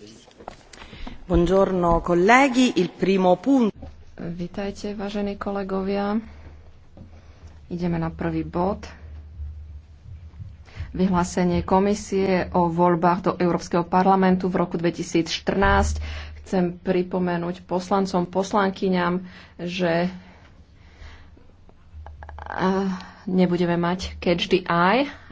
Vítajte, Vitajte, vážení kolegovia. Ideme na prvý bod. Vyhlásenie komisie o voľbách do Európskeho parlamentu v roku 2014. Chcem pripomenúť poslancom, poslankyňam, že eh, nebudeme mať catch the eye,